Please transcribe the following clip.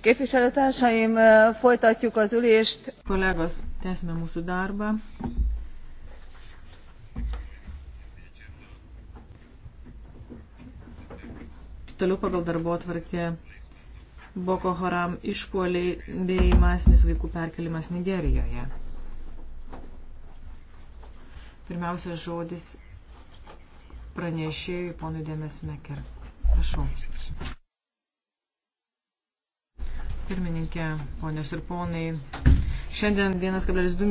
Képviselőtársaim, folytatjuk az ülést. Kolegos, tęsime mūsų darbą. Toliau pagal darbo atvarkę Boko Haram išpuoliai bei masinis vaikų perkelimas Nigerijoje. Pirmiausia žodis pranešėjui ponui Dėmes Meker. Prašau. Pirmininkė, ponios ir ponai, šiandien 1,2 milijono.